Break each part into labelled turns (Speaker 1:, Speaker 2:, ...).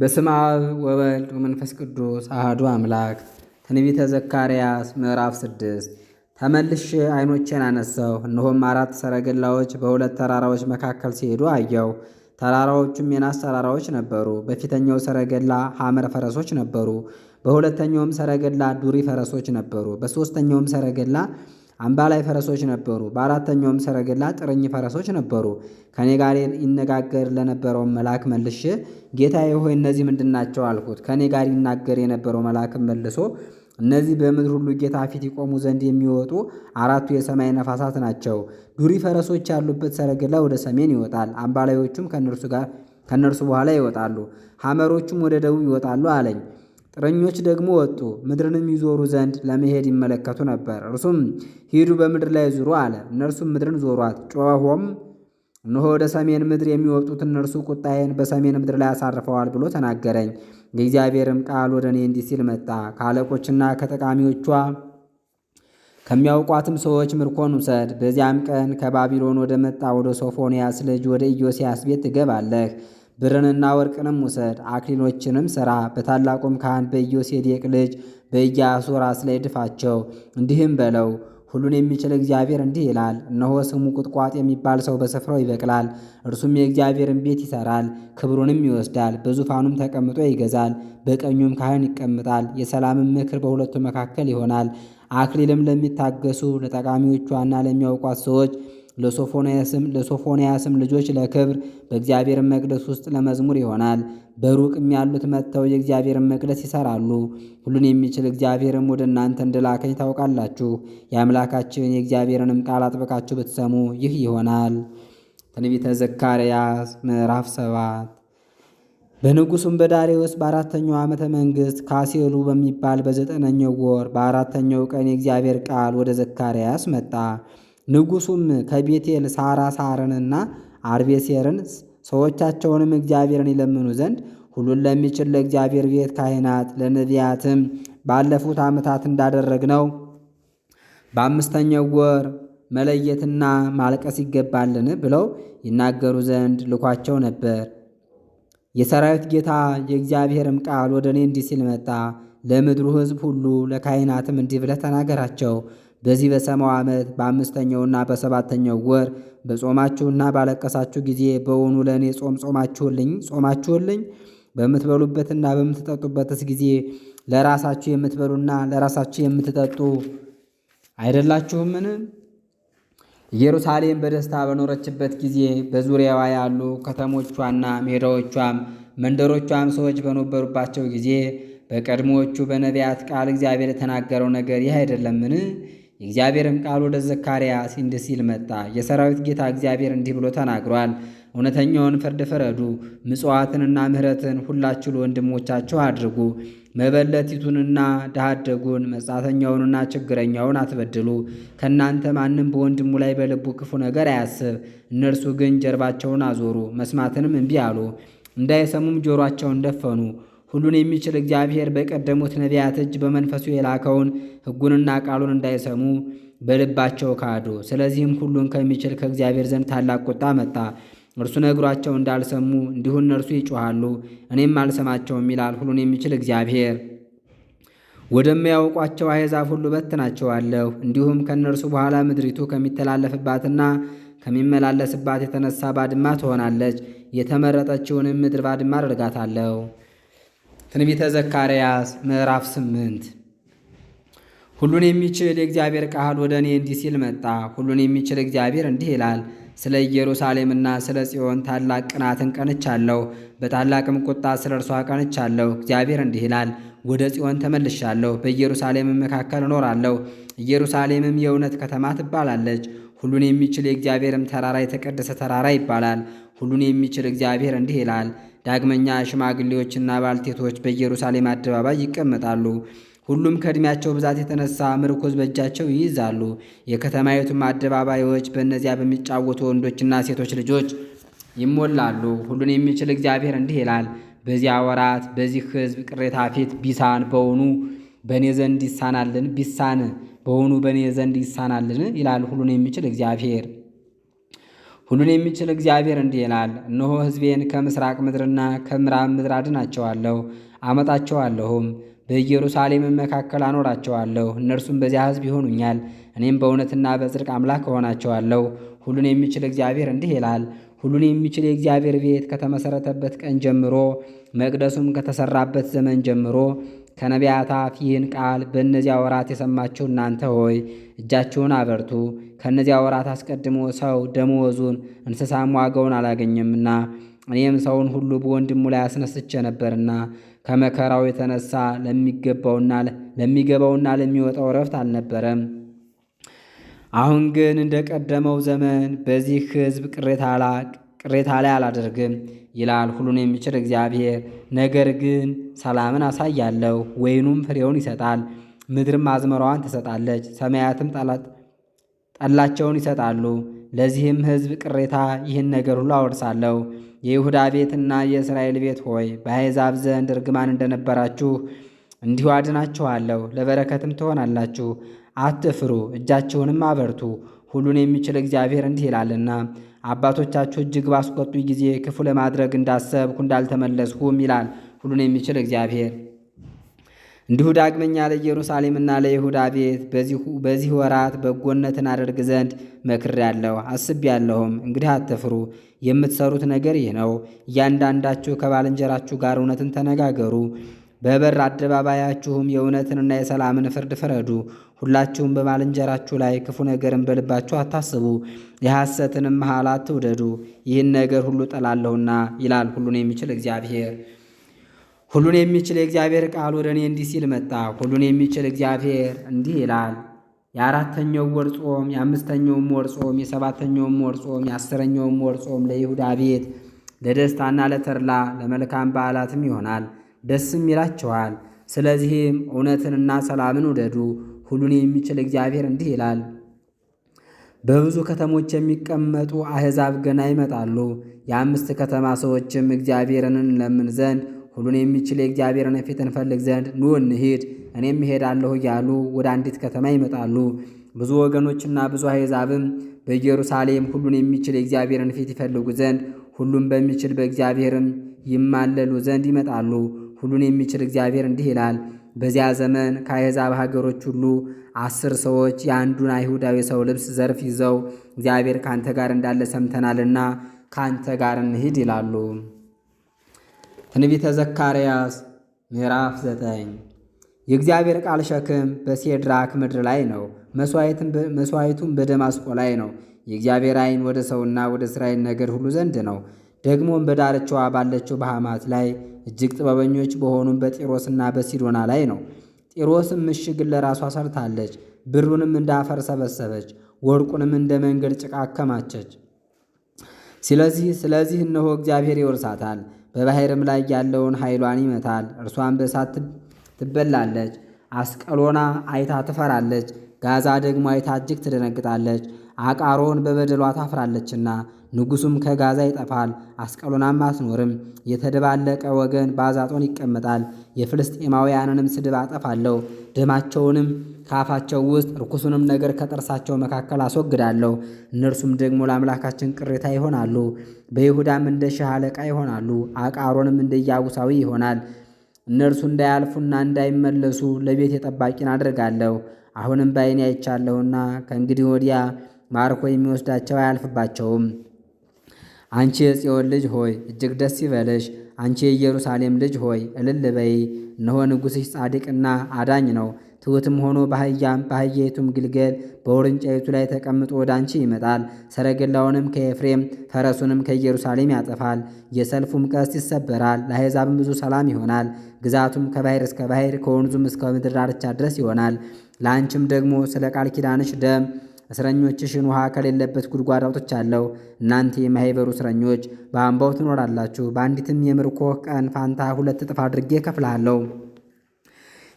Speaker 1: በስመ አብ ወወልድ ወመንፈስ ቅዱስ አህዱ አምላክ። ትንቢተ ዘካርያስ ምዕራፍ ስድስት ተመልሼ ዓይኖቼን አነሳሁ፣ እነሆም አራት ሰረገላዎች በሁለት ተራራዎች መካከል ሲሄዱ አየሁ። ተራራዎቹም የናስ ተራራዎች ነበሩ። በፊተኛው ሰረገላ ሐመር ፈረሶች ነበሩ፣ በሁለተኛውም ሰረገላ ዱሪ ፈረሶች ነበሩ፣ በሦስተኛውም ሰረገላ አምባ ላይ ፈረሶች ነበሩ። በአራተኛውም ሰረገላ ጥርኝ ፈረሶች ነበሩ። ከእኔ ጋር ይነጋገር ለነበረው መልአክ መልሼ ጌታዬ ሆይ እነዚህ ምንድን ናቸው አልኩት። ከእኔ ጋር ይናገር የነበረው መልአክም መልሶ እነዚህ በምድር ሁሉ ጌታ ፊት ይቆሙ ዘንድ የሚወጡ አራቱ የሰማይ ነፋሳት ናቸው። ዱሪ ፈረሶች ያሉበት ሰረገላ ወደ ሰሜን ይወጣል፣ አምባላዮቹም ከእነርሱ ጋር ከእነርሱ በኋላ ይወጣሉ፣ ሐመሮቹም ወደ ደቡብ ይወጣሉ አለኝ። ጥረኞች ደግሞ ወጡ፣ ምድርንም ይዞሩ ዘንድ ለመሄድ ይመለከቱ ነበር። እርሱም ሂዱ፣ በምድር ላይ ዙሩ አለ። እነርሱም ምድርን ዞሯት። ጮሆም እነሆ ወደ ሰሜን ምድር የሚወጡት እነርሱ ቁጣዬን በሰሜን ምድር ላይ አሳርፈዋል ብሎ ተናገረኝ። የእግዚአብሔርም ቃል ወደ እኔ እንዲህ ሲል መጣ። ከአለቆችና ከጠቃሚዎቿ ከሚያውቋትም ሰዎች ምርኮን ውሰድ። በዚያም ቀን ከባቢሎን ወደ መጣ ወደ ሶፎንያስ ልጅ ወደ ኢዮስያስ ቤት ትገባለህ። ብርንና ወርቅንም ውሰድ፣ አክሊሎችንም ሥራ። በታላቁም ካህን በኢዮሴዴቅ ልጅ በኢያሱ ራስ ላይ ድፋቸው፣ እንዲህም በለው ሁሉን የሚችል እግዚአብሔር እንዲህ ይላል፣ እነሆ ስሙ ቁጥቋጥ የሚባል ሰው በስፍራው ይበቅላል። እርሱም የእግዚአብሔርን ቤት ይሠራል፣ ክብሩንም ይወስዳል፣ በዙፋኑም ተቀምጦ ይገዛል፣ በቀኙም ካህን ይቀምጣል። የሰላምን ምክር በሁለቱ መካከል ይሆናል። አክሊልም ለሚታገሱ ለጠቃሚዎቿና ለሚያውቋት ሰዎች ለሶፎንያስም ለሶፎንያስም ልጆች ለክብር በእግዚአብሔር መቅደስ ውስጥ ለመዝሙር ይሆናል። በሩቅም ያሉት መጥተው የእግዚአብሔርን መቅደስ ይሰራሉ። ሁሉን የሚችል እግዚአብሔርም ወደ እናንተ እንደላከኝ ታውቃላችሁ። የአምላካችን የእግዚአብሔርንም ቃል አጥብቃችሁ ብትሰሙ ይህ ይሆናል። ትንቢተ ዘካርያስ ምዕራፍ ሰባት በንጉሱም በዳሪዎስ በአራተኛው ዓመተ መንግሥት ካሴሉ በሚባል በዘጠነኛው ወር በአራተኛው ቀን የእግዚአብሔር ቃል ወደ ዘካርያስ መጣ። ንጉሱም ከቤቴል ሳራ ሳርንና አርቤሴርን ሰዎቻቸውንም እግዚአብሔርን ይለምኑ ዘንድ ሁሉን ለሚችል ለእግዚአብሔር ቤት ካህናት ለነቢያትም ባለፉት ዓመታት ነው። በአምስተኛው ወር መለየትና ማልቀስ ይገባልን ብለው ይናገሩ ዘንድ ልኳቸው ነበር። የሰራዊት ጌታ የእግዚአብሔርም ቃል ወደ እኔ እንዲህ ሲል መጣ። ለምድሩ ሕዝብ ሁሉ ለካህናትም እንዲህ ብለህ ተናገራቸው በዚህ በሰማው ዓመት በአምስተኛውና በሰባተኛው ወር በጾማችሁና ባለቀሳችሁ ጊዜ በውኑ ለእኔ ጾም ጾማችሁልኝ ጾማችሁልኝ? በምትበሉበትና በምትጠጡበትስ ጊዜ ለራሳችሁ የምትበሉና ለራሳችሁ የምትጠጡ አይደላችሁምን? ኢየሩሳሌም በደስታ በኖረችበት ጊዜ በዙሪያዋ ያሉ ከተሞቿና ሜዳዎቿም መንደሮቿም ሰዎች በነበሩባቸው ጊዜ በቀድሞዎቹ በነቢያት ቃል እግዚአብሔር የተናገረው ነገር ይህ አይደለምን? የእግዚአብሔርም ቃል ወደ ዘካርያስ እንዲህ ሲል መጣ። የሰራዊት ጌታ እግዚአብሔር እንዲህ ብሎ ተናግሯል። እውነተኛውን ፍርድ ፍረዱ፣ ምጽዋትንና ምሕረትን ሁላችሁ ለወንድሞቻችሁ አድርጉ። መበለቲቱንና ዳሃደጉን መጻተኛውንና ችግረኛውን አትበድሉ። ከእናንተ ማንም በወንድሙ ላይ በልቡ ክፉ ነገር አያስብ። እነርሱ ግን ጀርባቸውን አዞሩ፣ መስማትንም እምቢ አሉ፣ እንዳይሰሙም ጆሯቸውን ደፈኑ። ሁሉን የሚችል እግዚአብሔር በቀደሙት ነቢያት እጅ በመንፈሱ የላከውን ሕጉንና ቃሉን እንዳይሰሙ በልባቸው ካዱ። ስለዚህም ሁሉን ከሚችል ከእግዚአብሔር ዘንድ ታላቅ ቁጣ መጣ። እርሱ ነግሯቸው እንዳልሰሙ እንዲሁ እነርሱ ይጮሃሉ፣ እኔም አልሰማቸውም ይላል ሁሉን የሚችል እግዚአብሔር። ወደሚያውቋቸው አሕዛብ ሁሉ በትናቸዋለሁ። እንዲሁም ከእነርሱ በኋላ ምድሪቱ ከሚተላለፍባትና ከሚመላለስባት የተነሳ ባድማ ትሆናለች። የተመረጠችውንም ምድር ባድማ አደርጋታለሁ። ትንቢተ ዘካርያስ ምዕራፍ ስምንት ሁሉን የሚችል የእግዚአብሔር ቃል ወደ እኔ እንዲህ ሲል መጣ። ሁሉን የሚችል እግዚአብሔር እንዲህ ይላል፣ ስለ ኢየሩሳሌምና ስለ ጽዮን ታላቅ ቅናትን ቀንቻለሁ፣ በታላቅም ቁጣ ስለ እርሷ ቀንቻለሁ። እግዚአብሔር እንዲህ ይላል፣ ወደ ጽዮን ተመልሻለሁ፣ በኢየሩሳሌምም መካከል እኖራለሁ። ኢየሩሳሌምም የእውነት ከተማ ትባላለች። ሁሉን የሚችል የእግዚአብሔርም ተራራ የተቀደሰ ተራራ ይባላል። ሁሉን የሚችል እግዚአብሔር እንዲህ ይላል ዳግመኛ ሽማግሌዎችና ባልቴቶች በኢየሩሳሌም አደባባይ ይቀመጣሉ። ሁሉም ከዕድሜያቸው ብዛት የተነሳ ምርኮዝ በእጃቸው ይይዛሉ። የከተማይቱም አደባባዮች በእነዚያ በሚጫወቱ ወንዶችና ሴቶች ልጆች ይሞላሉ። ሁሉን የሚችል እግዚአብሔር እንዲህ ይላል፣ በዚያ ወራት በዚህ ሕዝብ ቅሬታ ፊት ቢሳን በውኑ በእኔ ዘንድ ይሳናልን? ቢሳን በውኑ በእኔ ዘንድ ይሳናልን? ይላል ሁሉን የሚችል እግዚአብሔር። ሁሉን የሚችል እግዚአብሔር እንዲህ ይላል፣ እነሆ ሕዝቤን ከምስራቅ ምድርና ከምዕራብ ምድር አድናቸዋለሁ አመጣቸዋለሁም በኢየሩሳሌምም መካከል አኖራቸዋለሁ። እነርሱም በዚያ ሕዝብ ይሆኑኛል፣ እኔም በእውነትና በጽድቅ አምላክ እሆናቸዋለሁ። ሁሉን የሚችል እግዚአብሔር እንዲህ ይላል። ሁሉን የሚችል የእግዚአብሔር ቤት ከተመሠረተበት ቀን ጀምሮ መቅደሱም ከተሠራበት ዘመን ጀምሮ ከነቢያት አፍ ይህን ቃል በእነዚያ ወራት የሰማችሁ እናንተ ሆይ እጃችሁን አበርቱ። ከእነዚያ ወራት አስቀድሞ ሰው ደመወዙን እንስሳም ዋጋውን አላገኘምና እኔም ሰውን ሁሉ በወንድሙ ላይ አስነስቼ ነበርና ከመከራው የተነሳ ለሚገባውና ለሚወጣው እረፍት አልነበረም። አሁን ግን እንደ ቀደመው ዘመን በዚህ ሕዝብ ቅሬታ ላይ አላደርግም። ይላል ሁሉን የሚችል እግዚአብሔር። ነገር ግን ሰላምን አሳያለሁ፣ ወይኑም ፍሬውን ይሰጣል፣ ምድርም አዝመራዋን ትሰጣለች፣ ሰማያትም ጠላቸውን ይሰጣሉ። ለዚህም ሕዝብ ቅሬታ ይህን ነገር ሁሉ አወርሳለሁ። የይሁዳ ቤትና የእስራኤል ቤት ሆይ በአሕዛብ ዘንድ እርግማን እንደነበራችሁ እንዲሁ አድናችኋለሁ፣ ለበረከትም ትሆናላችሁ። አትፍሩ፣ እጃችሁንም አበርቱ፣ ሁሉን የሚችል እግዚአብሔር እንዲህ ይላልና አባቶቻችሁ እጅግ ባስቆጡ ጊዜ ክፉ ለማድረግ እንዳሰብኩ እንዳልተመለስሁም ይላል ሁሉን የሚችል እግዚአብሔር። እንዲሁ ዳግመኛ ለኢየሩሳሌምና ለይሁዳ ቤት በዚህ ወራት በጎነትን አደርግ ዘንድ አስብ ያለሁም እንግዲህ አትፍሩ፣ የምትሰሩት ነገር ይህ ነው። እያንዳንዳችሁ ከባልንጀራችሁ ጋር እውነትን ተነጋገሩ፣ በበር አደባባያችሁም የእውነትንና የሰላምን ፍርድ ፍረዱ። ሁላችሁም በባልንጀራችሁ ላይ ክፉ ነገርን በልባችሁ አታስቡ፣ የሐሰትንም መሐላ አትውደዱ። ይህን ነገር ሁሉ ጠላለሁና ይላል ሁሉን የሚችል እግዚአብሔር። ሁሉን የሚችል የእግዚአብሔር ቃል ወደ እኔ እንዲህ ሲል መጣ። ሁሉን የሚችል እግዚአብሔር እንዲህ ይላል የአራተኛው ወር ጾም፣ የአምስተኛውም ወር ጾም፣ የሰባተኛውም ወር ጾም፣ የአስረኛውም ወር ጾም ለይሁዳ ቤት ለደስታና ለተርላ ለመልካም በዓላትም ይሆናል፣ ደስም ይላቸዋል። ስለዚህም እውነትንና ሰላምን ውደዱ ሁሉን የሚችል እግዚአብሔር እንዲህ ይላል፣ በብዙ ከተሞች የሚቀመጡ አሕዛብ ገና ይመጣሉ። የአምስት ከተማ ሰዎችም እግዚአብሔርን እንለምን ዘንድ ሁሉን የሚችል የእግዚአብሔርን ፊት እንፈልግ ዘንድ ኑ እንሂድ፣ እኔም እሄዳለሁ እያሉ ወደ አንዲት ከተማ ይመጣሉ። ብዙ ወገኖችና ብዙ አሕዛብም በኢየሩሳሌም ሁሉን የሚችል የእግዚአብሔርን ፊት ይፈልጉ ዘንድ ሁሉን በሚችል በእግዚአብሔርም ይማለሉ ዘንድ ይመጣሉ። ሁሉን የሚችል እግዚአብሔር እንዲህ ይላል በዚያ ዘመን ከአሕዛብ ሀገሮች ሁሉ አስር ሰዎች የአንዱን አይሁዳዊ ሰው ልብስ ዘርፍ ይዘው እግዚአብሔር ካንተ ጋር እንዳለ ሰምተናልና ካንተ ጋር እንሂድ ይላሉ። ትንቢተ ዘካርያስ ምዕራፍ ዘጠኝ የእግዚአብሔር ቃል ሸክም በሴድራክ ምድር ላይ ነው፣ መሥዋዕቱም በደማስቆ ላይ ነው። የእግዚአብሔር ዓይን ወደ ሰውና ወደ እስራኤል ነገድ ሁሉ ዘንድ ነው። ደግሞም በዳርቻዋ ባለችው በሐማት ላይ እጅግ ጥበበኞች በሆኑም በጢሮስና በሲዶና ላይ ነው። ጢሮስም ምሽግን ለራሷ ሰርታለች። ብሩንም እንደ አፈር ሰበሰበች፣ ወርቁንም እንደ መንገድ ጭቃ አከማቸች። ስለዚህ ስለዚህ እነሆ እግዚአብሔር ይወርሳታል፣ በባሕርም ላይ ያለውን ኃይሏን ይመታል። እርሷን በእሳት ትበላለች። አስቀሎና አይታ ትፈራለች። ጋዛ ደግሞ አይታ እጅግ ትደነግጣለች። አቃሮን በበደሏ ታፍራለችና ንጉሱም ከጋዛ ይጠፋል፣ አስቀሎናም አትኖርም። የተደባለቀ ወገን በአዛጦን ይቀመጣል። የፍልስጤማውያንንም ስድብ አጠፋለሁ፣ ደማቸውንም ከአፋቸው ውስጥ ርኩሱንም ነገር ከጥርሳቸው መካከል አስወግዳለሁ። እነርሱም ደግሞ ለአምላካችን ቅሬታ ይሆናሉ። በይሁዳም እንደ ሺህ አለቃ ይሆናሉ። አቃሮንም እንደ ኢያቡሳዊ ይሆናል። እነርሱ እንዳያልፉና እንዳይመለሱ ለቤት የጠባቂን አድርጋለሁ። አሁንም በዓይኔ አይቻለሁና ከእንግዲህ ወዲያ ማርኮ የሚወስዳቸው አያልፍባቸውም። አንቺ የጽዮን ልጅ ሆይ እጅግ ደስ ይበልሽ፣ አንቺ የኢየሩሳሌም ልጅ ሆይ እልል በይ። እነሆ ንጉሥሽ ጻድቅና አዳኝ ነው፣ ትሑትም ሆኖ በአህያም በአህያይቱም ግልገል በውርንጫይቱ ላይ ተቀምጦ ወደ አንቺ ይመጣል። ሰረገላውንም ከኤፍሬም ፈረሱንም ከኢየሩሳሌም ያጠፋል። የሰልፉም ቀስት ይሰበራል፣ ለአሕዛብም ብዙ ሰላም ይሆናል። ግዛቱም ከባሕር እስከ ባሕር ከወንዙም እስከ ምድር ዳርቻ ድረስ ይሆናል። ለአንቺም ደግሞ ስለ ቃል ኪዳንሽ ደም እስረኞችሽን ውሃ ከሌለበት ጉድጓድ አውጥቻለሁ። እናንተ የማኅበሩ እስረኞች በአምባው ትኖራላችሁ። በአንዲትም የምርኮ ቀን ፋንታ ሁለት እጥፍ አድርጌ እከፍልሃለሁ።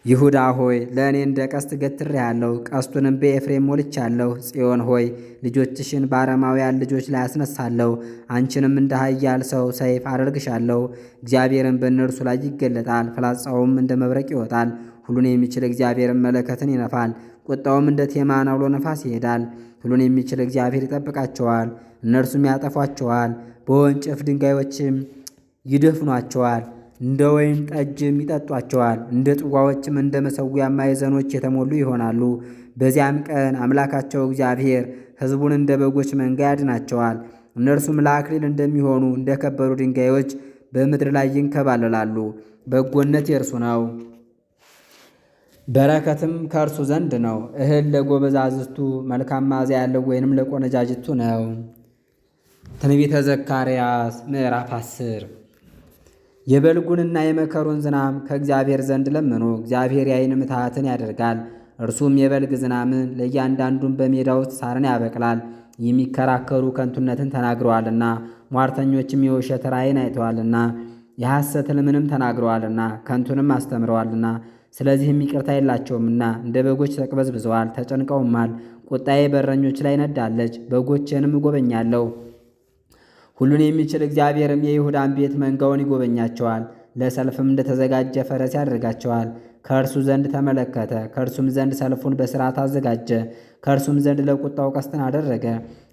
Speaker 1: ይሁዳ ሆይ ለእኔ እንደ ቀስት ገትሬአለሁ፣ ቀስቱንም በኤፍሬም ሞልቻለሁ። ጽዮን ሆይ ልጆችሽን በአረማውያን ልጆች ላይ አስነሳለሁ፣ አንቺንም እንደ ኃያል ሰው ሰይፍ አደርግሻለሁ። እግዚአብሔርን በእነርሱ ላይ ይገለጣል፣ ፍላጻውም እንደ መብረቅ ይወጣል። ሁሉን የሚችል እግዚአብሔር መለከትን ይነፋል። ቁጣውም እንደ ቴማን አውሎ ነፋስ ይሄዳል። ሁሉን የሚችል እግዚአብሔር ይጠብቃቸዋል፣ እነርሱም ያጠፏቸዋል። በወንጭፍ ድንጋዮችም ይደፍኗቸዋል። እንደ ወይን ጠጅም ይጠጧቸዋል። እንደ ጥዋዎችም እንደ መሰዊያ ማዕዘኖች የተሞሉ ይሆናሉ። በዚያም ቀን አምላካቸው እግዚአብሔር ሕዝቡን እንደ በጎች መንጋ ያድናቸዋል። እነርሱም ለአክሊል እንደሚሆኑ እንደ ከበሩ ድንጋዮች በምድር ላይ ይንከባለላሉ። በጎነት የእርሱ ነው። በረከትም ከእርሱ ዘንድ ነው። እህል ለጎበዛዝቱ መልካም መዓዛ ያለው ወይንም ለቆነጃጅቱ ነው። ትንቢተ ዘካርያስ ምዕራፍ አስር የበልጉንና የመከሩን ዝናም ከእግዚአብሔር ዘንድ ለምኑ። እግዚአብሔር የዓይን ምትሃትን ያደርጋል። እርሱም የበልግ ዝናምን ለእያንዳንዱን በሜዳ ውስጥ ሳርን ያበቅላል። የሚከራከሩ ከንቱነትን ተናግረዋልና ሟርተኞችም የውሸት ራእይን አይተዋልና የሐሰት ልምንም ተናግረዋልና ከንቱንም አስተምረዋልና ስለዚህም ይቅርታ የላቸውምና እንደ በጎች ተቅበዝብዘዋል፣ ተጨንቀውማል። ቁጣዬ በረኞች ላይ ነዳለች፣ በጎቼንም እጎበኛለሁ። ሁሉን የሚችል እግዚአብሔርም የይሁዳን ቤት መንጋውን ይጎበኛቸዋል። ለሰልፍም እንደተዘጋጀ ፈረስ ያደርጋቸዋል። ከእርሱ ዘንድ ተመለከተ፣ ከእርሱም ዘንድ ሰልፉን በሥርዓት አዘጋጀ። ከእርሱም ዘንድ ለቁጣው ቀስትን አደረገ።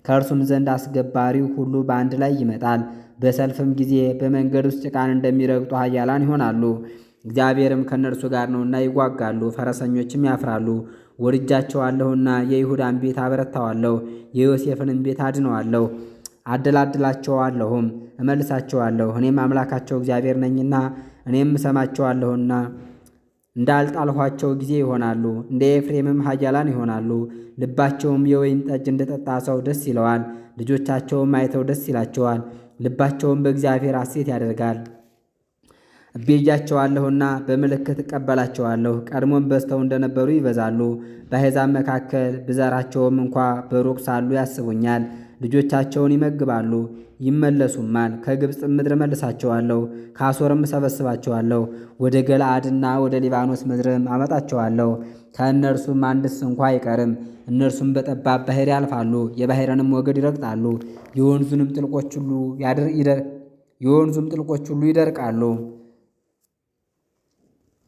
Speaker 1: ከእርሱም ዘንድ አስገባሪው ሁሉ በአንድ ላይ ይመጣል። በሰልፍም ጊዜ በመንገድ ውስጥ ጭቃን እንደሚረግጡ ኃያላን ይሆናሉ። እግዚአብሔርም ከእነርሱ ጋር ነውና ይዋጋሉ፣ ፈረሰኞችም ያፍራሉ። ወድጃቸዋለሁና የይሁዳን ቤት አበረታዋለሁ፣ የዮሴፍንም ቤት አድነዋለሁ። አደላድላቸዋለሁም፣ እመልሳቸዋለሁ። እኔም አምላካቸው እግዚአብሔር ነኝና እኔም እሰማቸዋለሁና እንዳልጣልኋቸው ጊዜ ይሆናሉ። እንደ ኤፍሬምም ኃያላን ይሆናሉ። ልባቸውም የወይን ጠጅ እንደጠጣ ሰው ደስ ይለዋል። ልጆቻቸውም አይተው ደስ ይላቸዋል። ልባቸውም በእግዚአብሔር አሴት ያደርጋል። እቤዣቸዋለሁና በምልክት እቀበላቸዋለሁ። ቀድሞም በዝተው እንደነበሩ ይበዛሉ። በአሕዛብ መካከል ብዘራቸውም እንኳ በሩቅ ሳሉ ያስቡኛል። ልጆቻቸውን ይመግባሉ ይመለሱማል። ከግብፅ ምድር መልሳቸዋለሁ፣ ከአሦርም እሰበስባቸዋለሁ። ወደ ገለአድና ወደ ሊባኖስ ምድርም አመጣቸዋለሁ። ከእነርሱም አንድስ እንኳ አይቀርም። እነርሱም በጠባብ ባሕር ያልፋሉ፣ የባሕርንም ወገድ ይረግጣሉ። የወንዙንም ጥልቆች ሁሉ የወንዙም ጥልቆች ሁሉ ይደርቃሉ።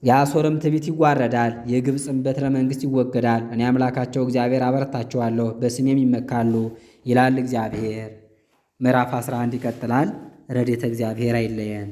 Speaker 1: የአሦርም ትቢት ይዋረዳል፣ የግብፅም በትረ መንግሥት ይወገዳል። እኔ አምላካቸው እግዚአብሔር አበረታቸዋለሁ፣ በስሜም ይመካሉ ይላል እግዚአብሔር። ምዕራፍ 11 ይቀጥላል። ረድኤተ እግዚአብሔር አይለየን።